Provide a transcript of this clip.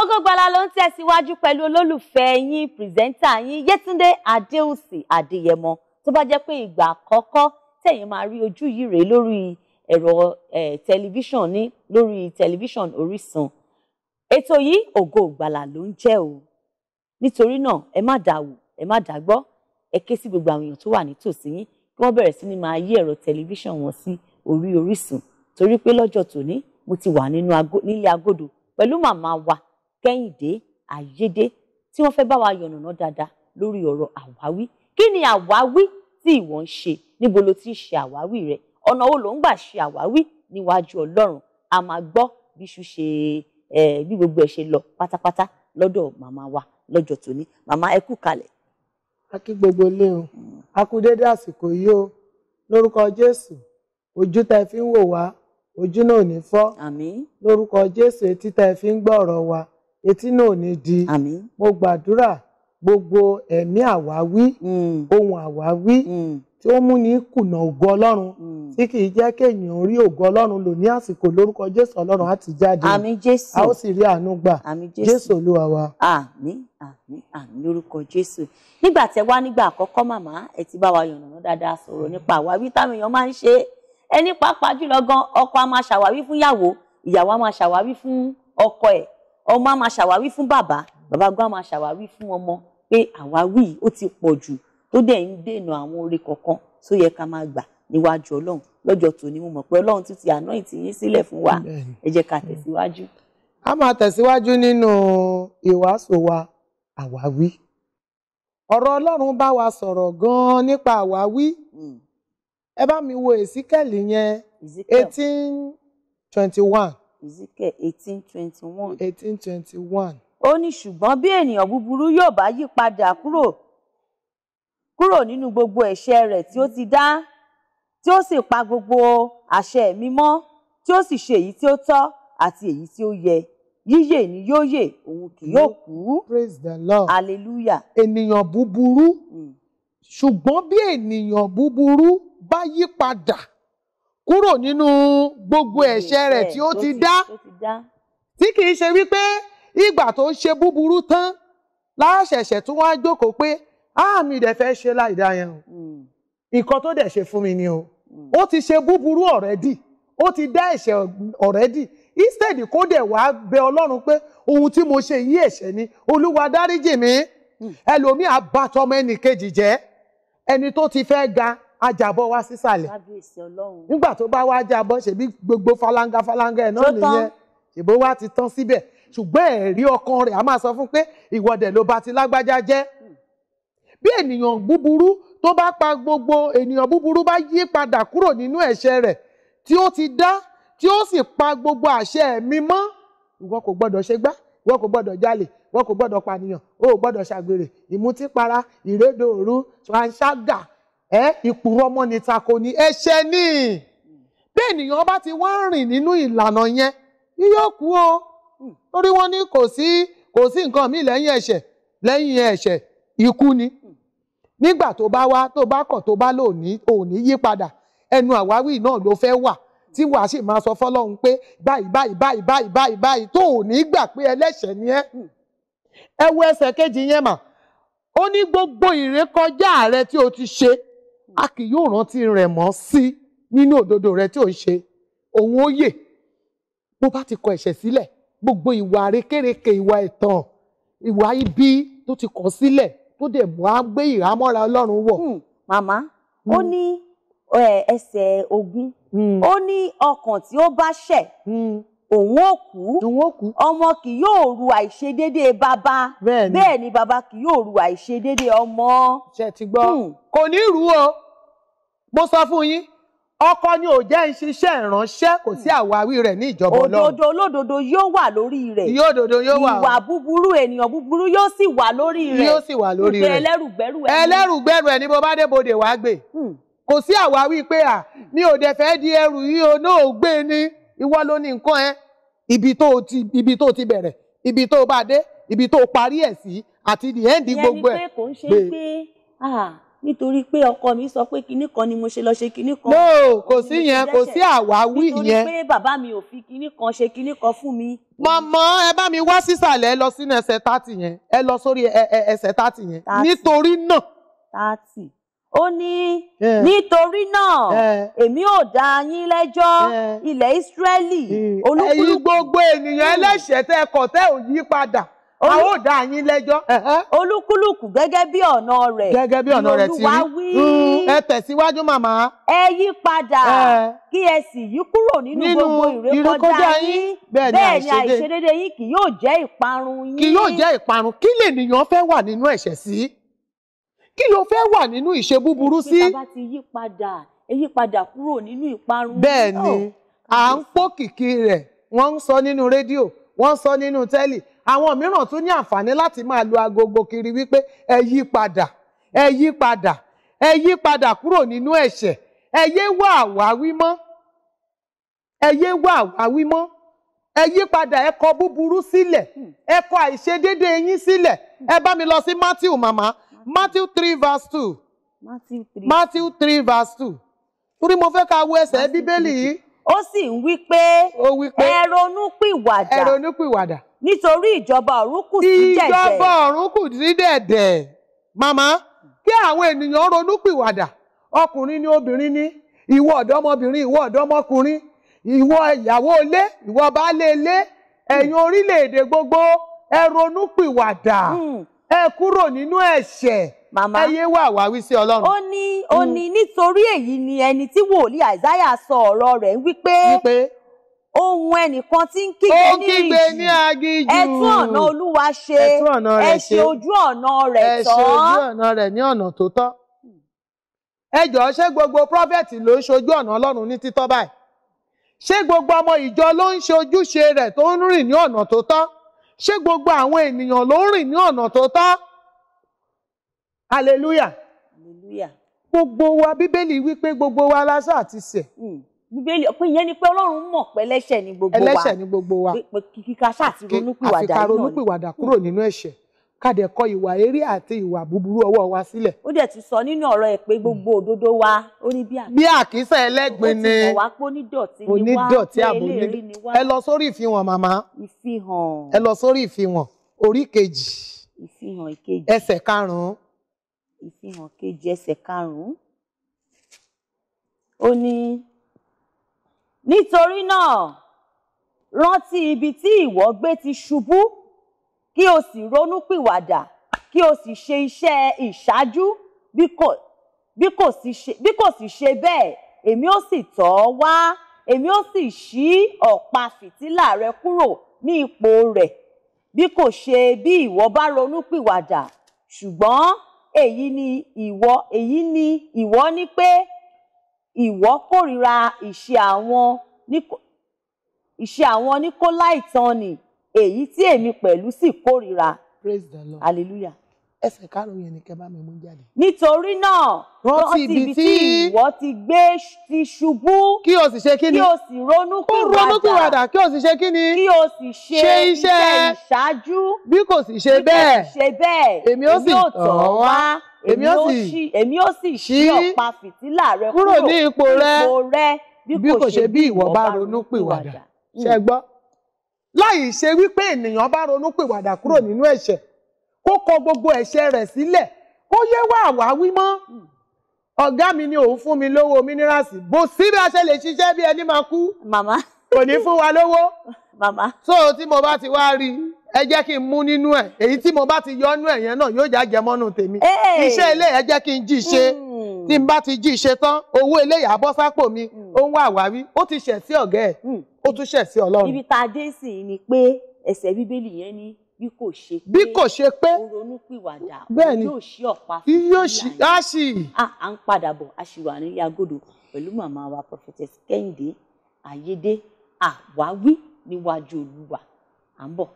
Ògo Ìgbàlà ló ń tẹ̀síwájú pẹ̀lú olólùfẹ́ yín pìrìsẹ́ńtà yín Yétúndé Adéùsì Adéyẹmọ tó bá jẹ́ pé ìgbà àkọ́kọ́ tẹ̀yin máa rí ojú yìí rèé lórí ẹ̀rọ tẹlifíṣàn ní lórí tẹlifíṣàn Orísun ètò yìí Ògo Ìgbàlà ló ń jẹ́ o nítorí náà ẹ má dà wò ẹ má dà gbọ́ ẹ ké sí gbogbo àwọn èèyàn tó wà nítòsí yín kí wọ́n bẹ̀rẹ̀ sí ni máa yí ẹ̀rọ tẹlifíṣàn wọn sí orí Orísun torí pé lọ́jọ́ tòní mo ti wà nínú nílé agodo pẹ̀lú màmá wa kẹ́hìndé àyédè tí wọ́n fẹ́ bá wa yànnàná dáadáa lórí ọ̀rọ̀ àwáwí kí ni àwáwí tí ìwọ ń ṣe níbo lo ti ń ṣe àwáwí rẹ ọ̀nà wo ló ń gbà ṣe àwáwí níwájú ọlọ́run a máa gbọ́ bí iṣu ṣe bí gbogbo ẹ̀ ṣe lọ pátápátá lọ́dọ̀ màmá wa lọ́jọ́ tòní màmá ẹ kú kalẹ̀. a kí gbogbo ilé o a kú dédé àsìkò yìí o lórúkọ jésù ojú tẹ fi ń wò wá ojú náà ò ní fọ́ lórúkọ jésù etí tẹ fi ń gbọ́ ọ̀rọ̀ wa etí náà ní di àmín mo gbàdúrà gbogbo ẹ̀mí àwáwí mm. ohun àwáwí mm. tí ó múni kùnà ògo ọlọ́run mm. tí kì í jẹ́ kéèyàn rí ògo ọlọ́run lò ní àsìkò lórúkọ jésù ọlọ́run á ti jáde àmín jésù a ó sì rí àánú gbà àmín jésù jésù olúwa wa. àmín àmín àmín lórúkọ jésù nígbà tẹ wá nígbà àkọ́kọ́ màmá ẹ ti bá wa yànnàná dáadáa sọ̀rọ̀ nípa àwáwí táwọn èèyàn máa ń ṣe ẹni pàápàá jùlọ gan ọkọ a máa ṣàwáwí fún ìyàwó ìyàwó a máa ṣàwáwí fún ọkọ ẹ̀ ọmọ á máa ṣàwáwí fún bàbá bàbá gan á máa ṣàwáwí fún ọmọ pé àwáwí ó ti pọ̀ jù tó dẹ̀ ń dènà àwọn oore kọ̀ọ̀kan tó yẹ ká máa gbà níwájú ọlọ́run lọ́jọ́ tòní mo mọ̀ pé ọlọ́run tún ti àná ìtìyín sílẹ̀ fún wa ẹ jẹ́ ká tẹ̀síwájú. a máa tẹ̀síwájú nínú ìwàásù wa àwáwí ọ̀rọ̀ ọlọ́run bá wa sọ̀rọ̀ gan-an nípa àwáwí hmm. ẹ bá mi wo èsíkẹ́lì yẹn eighteen twenty one. Ezekiel eighteen twenty one. eighteen twenty one. ó ní ṣùgbọ́n bí ènìyàn búburú yóò bá yí padà kúrò kúrò nínú gbogbo ẹ̀ṣẹ̀ rẹ̀ tí ó ti dá tí ó sì pa gbogbo àṣẹ mi mọ́ tí ó sì ṣe èyí tí ó tọ́ àti èyí tí ó yẹ yíyè ni yóò yè òun kì yóò kú praise the lord hallelujah ènìyàn búburú hmm. ṣùgbọ́n bí ènìyàn búburú bá yí padà kúrò nínú gbogbo ẹ̀ṣẹ̀ rẹ̀ tí ó ti dá tí kì í ṣe wípé ìgbà tó ń ṣe búburú tán láṣẹ̀ṣẹ̀ tún wá jókòó pé àmì ìdẹ̀ fẹ́ ṣe láìdá o hmm. nǹkan tó dẹ̀ ṣe fún mi ni o hmm. ó ti ṣe búburú ọ̀rẹ́dì ó ti dá ẹ̀ṣẹ̀ ọ̀rẹ́dì instead kó dẹ̀ wá bẹ ọlọ́run pé ohun tí mo ṣe yí ẹ̀ṣẹ̀ ni olúwa dáríjì mi hmm. ẹlòmíà bá tọmọ ẹnì kejì jẹ́ ẹni tó ti fẹ́ ga á jábọ́ wá sísàlẹ̀ nígbà tó bá wá jábọ́ ṣèbí gbogbo falanga falanga ẹ̀ náà nìyẹn ṣèbó wá ti tán síbẹ̀ ṣùgbọ́n ẹ̀rí ọkàn rẹ̀ a máa sọ fún pé ìwọ́dẹ̀ ló bá ti lágbájá jẹ́ hmm. bí ènìyàn búburú tó bá pa gbogbo ènìyàn búburú bá yí padà kúrò nínú ẹ̀ṣẹ̀ rẹ̀ tí ó ti dá tí ó sì pa gbogbo àṣẹ mi mọ́ ìwọ kò gbọ́dọ̀ ṣe gbá ìwọ kò gbọ́dọ̀ jalè ìwọ kò gbọ́dọ̀ pànìyàn o ò gbọ́dọ̀ ṣàgbèrè ìmútípara ìrédòòru ṣàǹṣàgà ẹ ìpùrọ̀ ọmọ ni tako ni ẹ̀ṣẹ̀ ni bí ènìyàn bá ti wá ń rìn nínú ìlànà yẹn yóò kú o torí wọ́n ní kò sí kò sí nǹkan míì lẹ́yìn ẹ̀ṣẹ̀ lẹ́yìn ẹ̀ṣẹ̀ ikú ni nígbà tó bá wá tó bá kọ̀ tó bá lò ní òní yí padà ẹnu àwáwí náà ló fẹ́ wà tí wàá sì máa sọ fọ́lọ́run pé báyìí báyìí báyìí báyìí báyìí báyìí tó ò ní gbà pé ẹlẹ́ṣẹ̀ ni ẹ́ ẹ wo ẹsẹ̀ kejì yẹn mà ó ní gbogbo ìrékọjá rẹ tí o ti ṣe a kì yóò rántí rẹ̀ mọ́ sí nínú òdodo rẹ̀ tí ò ń ṣe òun ó bó bá ti kọ ẹ̀ṣẹ̀ sílẹ̀ gbogbo ìwà àrékérekè ìwà ẹ̀tàn ìwà ibi tó ti kọ sílẹ̀ tó dẹ̀ mú á gbé ìhámọ́ra Ọlọ́run wọ̀. Hmm, màmá ó hmm. ní ẹsẹ̀ ogún hmm. ó ní ọkàn tí ó bá ṣẹ̀ òun ò kú ọmọ kì yóò ru àìṣedédé bàbá bẹ́ẹ̀ ni bàbá kì yóò ru àìṣedédé ọmọ. ṣe ti gbọ́ kò ní rú o mo sọ fún yín ọkọ ni ò jẹ́ ń ṣiṣẹ́ ìránṣẹ́ kò sí àwáwí rẹ̀ ní ìjọba ọlọ́run òdodo olódodo yóò wà lórí rẹ̀ yóò dodo yóò wà ìwà búburú ènìyàn búburú yóò sì wà lórí rẹ̀ yóò sì wà lórí rẹ̀ ẹlẹ́rùgbẹ́rù ẹ̀ ẹlẹ́rùgbẹ́rù ẹ̀ ni mo bá dé bodè wá gbé hmm. kò sí àwáwí pé à mi ò dẹ̀ fẹ́ di ẹrù yìí o náà ò gbé ni ìwọ ló ní nǹkan ẹ ibi tó ti ibi tó ti bẹ̀rẹ̀ ibi tó bá dé ibi tó parí ẹ̀ sí àti the end gbogbo ẹ̀ gbé nítorí pé ọkọ mi sọ pé kinní kan ni mo ṣe lọ ṣe kinní kan. no kò sí yẹn kò sí àwáwí yẹn. nítorí pé bàbá mi ò fi kinní kan ṣe kinní kan fún mi. mọ̀mọ́ ẹ bá mi wá sísàlẹ̀ ẹ lọ sínú ẹsẹ̀ tààtì yẹn ẹ lọ sórí ẹsẹ̀ tààtì yẹn nítorí náà. tààtì ó ní nítorí náà èmi ò dá yín lẹ́jọ́ ilẹ̀ Ísírẹ́lì olúkúlùkù. ẹ̀yin gbogbo ènìyàn hmm. ẹlẹ́ṣẹ̀ tẹ́ ẹ kọ̀ tẹ́ ò yí padà a ó dá yín lẹ́jọ́. olúkúlùkù gẹ́gẹ́ bí ọ̀nà rẹ̀ gẹ́gẹ́ bí ọ̀nà rẹ̀ ti rí mm, ẹ tẹ̀síwájú màmá. ẹ yí padà kí ẹ sì yí kúrò nínú gbogbo ìrékọjá yín bẹ́ẹ̀ ni àìṣedéédé yín kì yóò jẹ́ ìparun yín. kì yóò jẹ́ ìparun kí lènìyàn fẹ́ wà nínú ẹ̀ṣẹ̀ sí kí ló fẹ́ wà nínú ìṣe búburú sí. kí bàbá ti yí padà ẹ yí padà kúrò nínú ìparun. bẹ́ẹ̀ ni oh, à ń pòkìkí rẹ̀ wọ́n ń sọ nínú rédíò wọ́n ń sọ nínú tẹ́lì àwọn mìíràn tún ní àǹfààní láti máa lo agogo kiri wípé ẹ yí padà ẹ yí padà ẹ yí padà kúrò nínú ẹ̀ṣẹ̀ ẹ yé wá àwáwí mọ́ ẹ yé wá àwáwí mọ́ ẹ yí padà ẹ kọ búburú sílẹ̀ ẹ kọ àìṣedéédéé yín sílẹ̀ ẹ bá mi lọ sí Matthew màmá Matthew three verse two Matthew three verse two torí mo fẹ́ ka wo ẹsẹ̀ bíbélì yìí. ó sì ń wí pé ẹ ronúpìwàdà ẹ ronúpìwàdà nítorí ìjọba ọ̀run kù sí dẹ̀dẹ̀ ìjọba ọ̀run kù ni obìnrin ni ìwọ ọ̀dọ́mọbìnrin ìwọ ọ̀dọ́mọkùnrin ìwọ ìyàwó ilé ìwọ baálé ilé orílẹ̀-èdè gbogbo ẹ ronúpìwàdà hmm. ẹ kúrò nínú Mama, ẹ yé wà wá wí sí Ọlọ́run. ó ní ó mm. ní nítorí èyí ni ẹni tí wòlíì àìsáyà sọ ọ̀rọ̀ rẹ̀ wípé ohun ẹnìkan tí ń kígbe ní aginjù ẹ tún ọ̀nà Olúwa ṣe ẹ ṣe ojú ọ̀nà rẹ̀ tọ́ ẹ ṣe ojú ọ̀nà rẹ̀ ní ọ̀nà tó tọ́. ẹ jọ̀ọ́ ṣé gbogbo prophet ló ń ṣojú ọ̀nà Ọlọ́run ní títọ́ báyìí ṣé gbogbo ọmọ ìjọ ló ń ṣe ojúṣe rẹ̀ tó ń rìn ní ọ̀nà tó tọ́ ṣé gbogbo àwọn ènìyàn ló ń rìn ní ọ̀nà tó tọ́ hallelujah hallelujah gbogbo wa bíbélì wípé gbogbo wa lásán àti ṣẹ̀. Hmm. bíbélì pé ìyẹn ni pé ọlọ́run mọ̀ pé ẹlẹ́ṣẹ̀ ni gbogbo wa ẹlẹ́ṣẹ̀ ni gbogbo wa kíkà ṣáà ti ronúpìwàdà yìí náà àfi ká ronúpìwàdà kúrò nínú ẹ̀ṣẹ̀ kàdé kọ ìwà eré àti ìwà búburú ọwọ́ wa sílẹ̀. ó dẹ̀ ti sọ nínú ọ̀rọ̀ ẹ̀ pé hmm. gbogbo òdodo wa ó ní bí àkísà. bí àkísà ẹlẹ́gbin ni onídọ̀tí ni wá pé eléèrí ni wá. ẹ lọ sórí ìfihàn màmá. ẹ lọ sórí ìfihàn orí ẹsẹ̀ karùn-ún ìfihàn kejì ẹsẹ̀ karùn-ún ó ní nítorí náà rántí ibi tí ìwọ gbé ti ṣubú kí o sì ronúpìwàdà kí o sì ṣe iṣẹ́ ìṣáájú bí kò sì ṣe bẹ́ẹ̀ èmi ó sì tọ̀ ọ́ wá èmi ó sì ṣí ọ̀pá fìtílà rẹ kúrò ní ipò rẹ̀ bí kò ṣe bí ìwọ bá ronúpìwàdà ṣùgbọ́n èyí ni ìwọ èyí ni ìwọ ní pé ìwọ kórìíra ìṣe àwọn ìṣe àwọn oníkóláìtàn ni èyí tí èmi pẹ̀lú sì kórìíra praise the Lord hallelujah ẹsẹ̀ karùn-ún yẹn ni kẹ́ bá mi mú jáde. nítorí náà rántí ibi tí ìwọ ti gbé ti ṣubú. kí o sì ṣe kí ni kí o sì ronúkúwàdà kí o sì ṣe kí ni kí o sì ṣe iṣẹ́ ìṣáájú. bí kò sì ṣe bẹ́ẹ̀ ṣe bẹ́ẹ̀ èmi ó sì tọ̀ ọ́ wá èmi ó sì ṣí ọ̀pá fìtílà rẹ kúrò ní ipò rẹ bí kò ṣe bí ìwọ bá ronúpìwàdà ṣé gbọ́ láì ṣe wípé ènìyàn bá ronúpìwàdà kúrò nínú ẹ̀ṣẹ̀ kó kọ gbogbo ẹ̀ṣẹ̀ rẹ̀ sílẹ̀ kó yé wá àwáwí mọ́ ọ̀gá mi ni òun fún mi lówó mínírààsì bó sí bí a ṣe lè ṣiṣẹ́ bí ẹni máa kú màmá kò ní fún wa lówó màmá so tí mo bá ti wá rí i ẹ jẹ́ kí n mú nínú ẹ̀ èyí tí mo bá ti yọ nínú ẹ̀ náà yóò já jẹ mọ́nú tèmi iṣẹ́ ilé ẹ jẹ́ kí n jí ṣe hmm. tí n bá ti jí ṣe tán owó ilé ìyàbọ̀ sápò mi hmm. ó ń wá àwáwí ó ti ṣẹ̀ sí ọ̀gá ẹ̀ hmm. ó tún ṣẹ̀ sí ọlọ́run. ibi tá a dé sí ni pé ẹsẹ̀ bíbélì yẹn ní bí kò ṣe pé bí kò ṣe pé ronúpìwàdà bẹ́ẹ̀ni yóò ṣí ọ̀pá fún yóò ṣí á sì. à ń padà bọ̀ a sì wà ní yagodo pẹ̀lú màmá wa prophetess Kẹ́hìndé Ayédè àwáwí níwájú Olúwa à ń bọ̀.